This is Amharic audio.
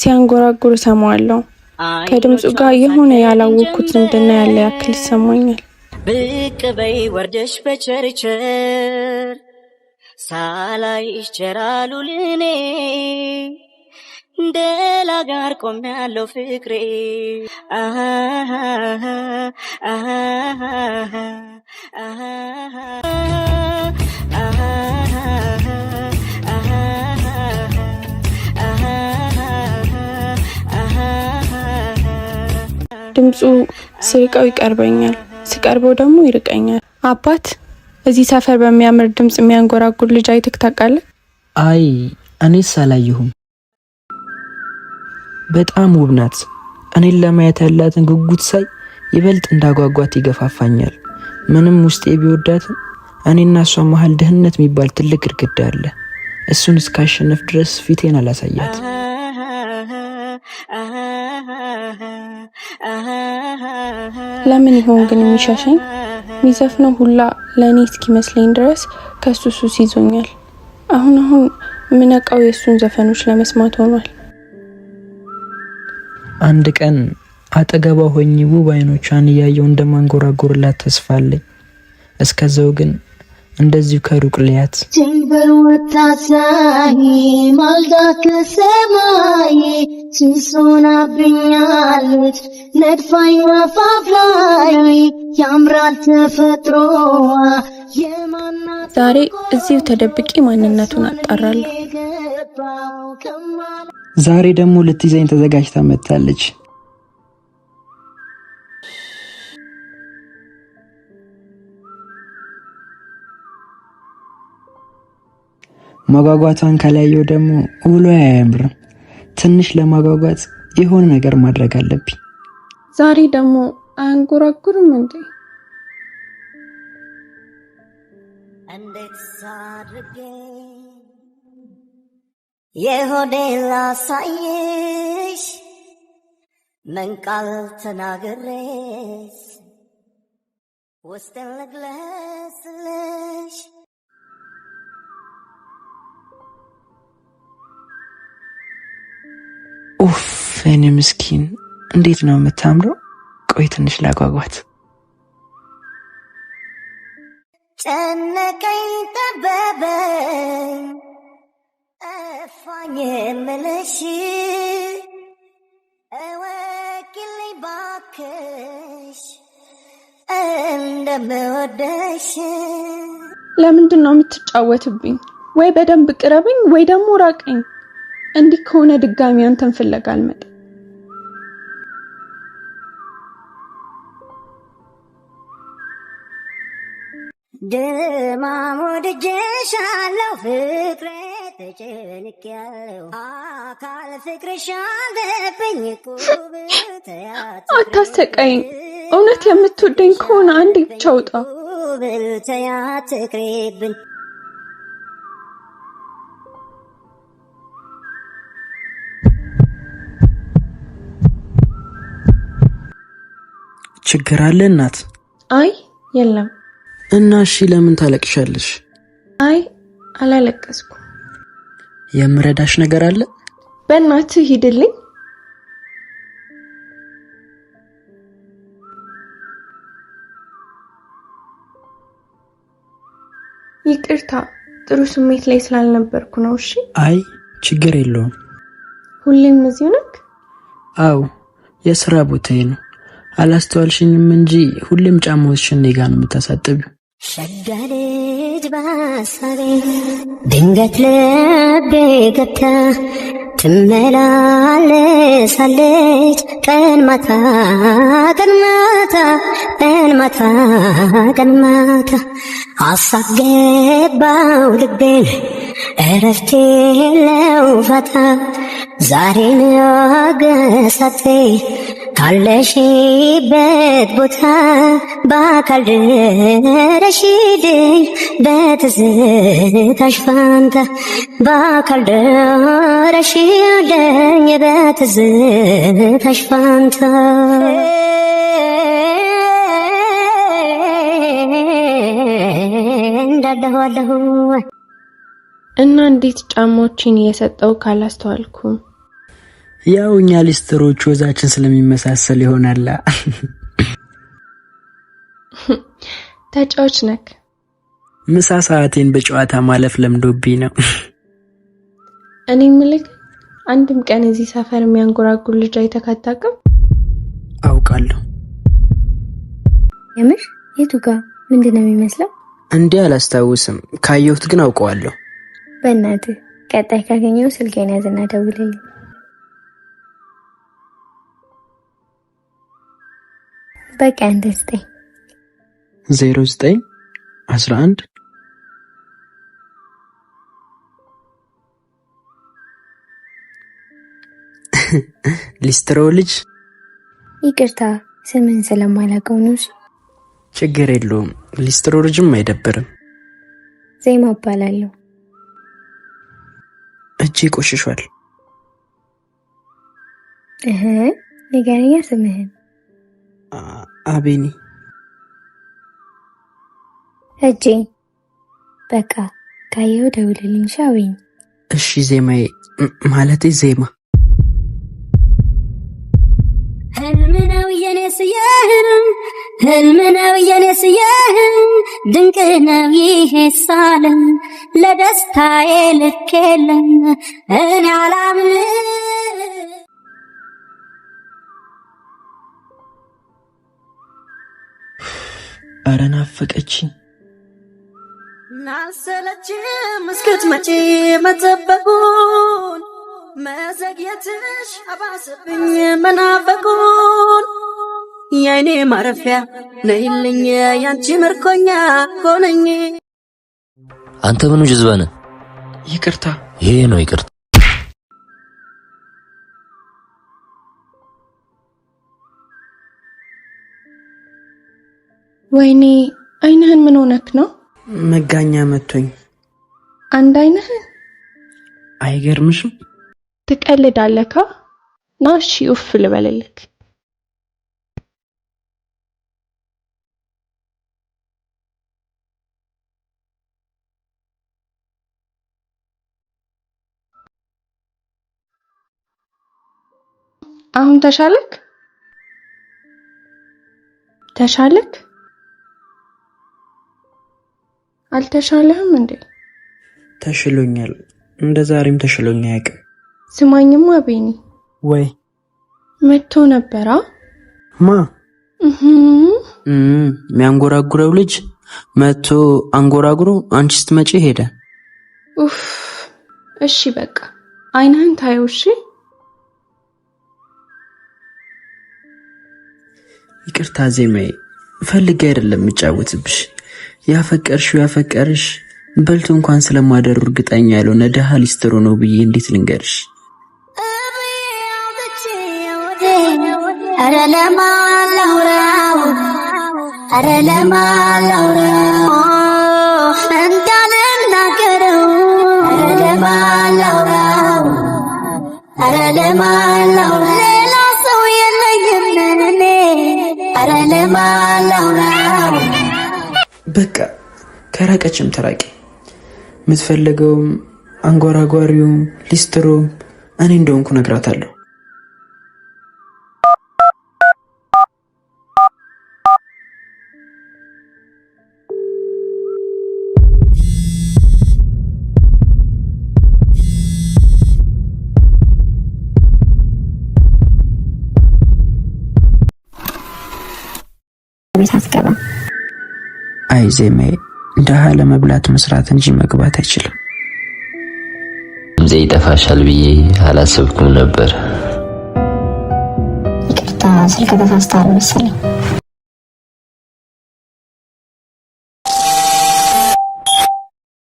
ሲያንጎራጉር እሰማዋለሁ። ከድምፁ ጋር የሆነ ያላወቅኩት ዝምድና ያለ ያክል ይሰማኛል። ብቅ በይ ወርደሽ በቸርቸር ሳላይሽ ቸራሉ ልኔ እንደላ ጋር ቆም ያለው ፍቅሬ አሃ ድምፁ ስርቀው ይቀርበኛል፣ ስቀርበው ደግሞ ይርቀኛል። አባት እዚህ ሰፈር በሚያምር ድምፅ የሚያንጎራጉር ልጅ አይተህ ታውቃለህ? አይ እኔስ አላየሁም። በጣም ውብ ናት። እኔን ለማየት ያላትን ጉጉት ሳይ ይበልጥ እንዳጓጓት ይገፋፋኛል። ምንም ውስጤ ቢወዳትም እኔና እሷ መሀል ድህነት የሚባል ትልቅ ግድግዳ አለ። እሱን እስካሸነፍ ድረስ ፊቴን አላሳያት። ለምን ይሆን ግን የሚሻሸኝ? የሚዘፍነው ሁላ ለእኔ እስኪመስለኝ ድረስ ከሱ ሱስ ይዞኛል። አሁን አሁን የምነቃው የእሱን ዘፈኖች ለመስማት ሆኗል። አንድ ቀን አጠገቧ ሆኜ ውብ አይኖቿን እያየው እንደማንጎራጎርላት ተስፋ አለኝ። እስከዛው ግን እንደዚሁ ከሩቅ ልያት ጀንበር ወታሳይ ማልዳ ከሰማይ ሲሶናብኛለች ነድፋኝ ነድፋይ ማፋፍላይ ያምራል ተፈጥሮዋ። ዛሬ እዚሁ ተደብቄ ማንነቱን አጣራለሁ። ዛሬ ደግሞ ልትይዘኝ ተዘጋጅታ መጥታለች። መጓጓቷን ካላየው ደግሞ ውሎ አያምርም። ትንሽ ለማጓጓት የሆነ ነገር ማድረግ አለብኝ። ዛሬ ደግሞ አያንጎራጉርም እንዴ? እንዴት አድርጌ የሆዴ ላሳየሽ መንቃል ተናግሬስ ውስጤን ልግለጽልሽ እኔ ምስኪን እንዴት ነው የምታምረው? ቆይ ትንሽ ላጓጓት። ጨነቀኝ ጠበበኝ እፋኝ የምልሽ እወኪልኝ ባክሽ እንደምወደሽ። ለምንድን ነው የምትጫወትብኝ? ወይ በደንብ ቅረብኝ፣ ወይ ደግሞ ራቀኝ። እንዲህ ከሆነ ድጋሚ አንተን ፍለጋ አልመጣም። ደማሞድጄሻለሁ ፍቅሬ ተጨንቄያለሁ አካል ፍቅርሽ አለብኝ እውነት የምትወደኝ ከሆነ አንድ ብቻ ውጣ ችግር አለ እናት? አይ የለም። እና እሺ፣ ለምን ታለቅሻለሽ? አይ አላለቀስኩ የምረዳሽ ነገር አለ። በእናትህ ሂድልኝ። ይቅርታ፣ ጥሩ ስሜት ላይ ስላልነበርኩ ነው። እሺ። አይ ችግር የለውም። ሁሌም እዚሁ ነክ? አዎ፣ የስራ ቦታዬ ነው። አላስተዋልሽኝም እንጂ ሁሌም ጫማዎችሽን እኔ ጋ ነው የምታሳጥቢው። ሸጋ ልጅ ባሳቤ ድንገት ልቤ ገብታ ትመላለሳለች ቀን ማታ ቀን ማታ ቀን ማታ ቀን ማታ አሳገባው ልቤን እረፍቴ ለውፋታ ዛሬን አገሳቴ ካለሽበት ቦታ በአካል ድረሽልኝ በትዝታሽ ፋንታ በአካል ድረሽልኝ በትዝታሽ ፋንታ እንዳደኋለሁ እና እንዴት ጫማዎችን እየሰጠው ካላስተዋልኩም ያው እኛ ሊስትሮቹ ወዛችን ስለሚመሳሰል ይሆናላ። ተጫዋች ነክ። ምሳ ሰዓቴን በጨዋታ ማለፍ ለምዶብኝ ነው። እኔ ምልክ አንድም ቀን እዚህ ሰፈር የሚያንጎራጉር ልጅ አይተካታቅም። አውቃለሁ። የምር የቱ ጋ ምንድን ነው የሚመስለው? እንዲህ አላስታውስም፣ ካየሁት ግን አውቀዋለሁ። በእናትህ ቀጣይ ካገኘው ስልኬን ያዝና ደውልልኝ። በቃ አንድ ዘጠኝ ዜሮ ዘጠኝ አስራ አንድ ሊስትሮ ልጅ ይቅርታ ስምን ስለማላውቀው ነው። ችግር የለውም። ሊስትሮ ልጅም አይደብርም። ዜማ እባላለሁ። እጅ ይቆሽሿል። ንገረኛ ስምህን አቤኒ እጄን በቃ ካየው ደውልልኝ። ሻወኝ እሺ። ዜማዬ ማለቴ ዜማ ህልምነው የኔስ የህልም ህልምነው የኔስ የህልም ድንቅነው ይሄ ሳለም ለደስታዬ ልክ የለም እኔ አላምንም እረ ናፈቀችኝ ናሰለችም እስክትመጪ መጠበቁን መዘግየትሽ አባሰብኝ መናፈቁን የአይኔ ማረፊያ ነይልኝ ያንቺ ምርኮኛ ሆነኝ። አንተ ምኑ ጅዝበነ ይቅርታ፣ ይሄ ነው ይቅርታ። ወይኔ አይንህን ምን ሆነክ ነው? መጋኛ መቶኝ። አንድ አይንህን አይገርምሽም? ትቀልዳለካ። ና እሺ ውፍ ልበልልክ። አሁን ተሻለክ? ተሻለክ? አልተሻለህም እንዴ? ተሽሎኛል። እንደ ዛሬም ተሽሎኛ አያውቅም። ስማኝማ ቤኒ። ወይ መጥቶ ነበራ? ማ? የሚያንጎራጉረው ልጅ መጥቶ አንጎራጉሮ አንቺ ስትመጪ ሄደ። ኡፍ። እሺ በቃ አይንህን ታየው። እሺ ይቅርታ ዜማዬ፣ ፈልጌ አይደለም የምጫወትብሽ ያፈቀርሽው ያፈቀርሽ በልቶ እንኳን ስለማደሩ እርግጠኛ ያልሆነ ድሃ ሊስትሮ ነው ብዬ እንዴት ልንገርሽ? እንዳልናገረው ከራቀችም ተራቂ የምትፈለገውም አንጓራጓሪውም ሊስትሮም እኔ እንደሆንኩ ነግራታለሁ። ቤት አስገባ አይ ዜማዬ ድሀ ለመብላት መስራት እንጂ መግባት አይችልም። ድምጼ ይጠፋሻል ብዬ አላሰብኩም ነበር። ይቅርታ ስልክ ተሳስታል መሰለኝ።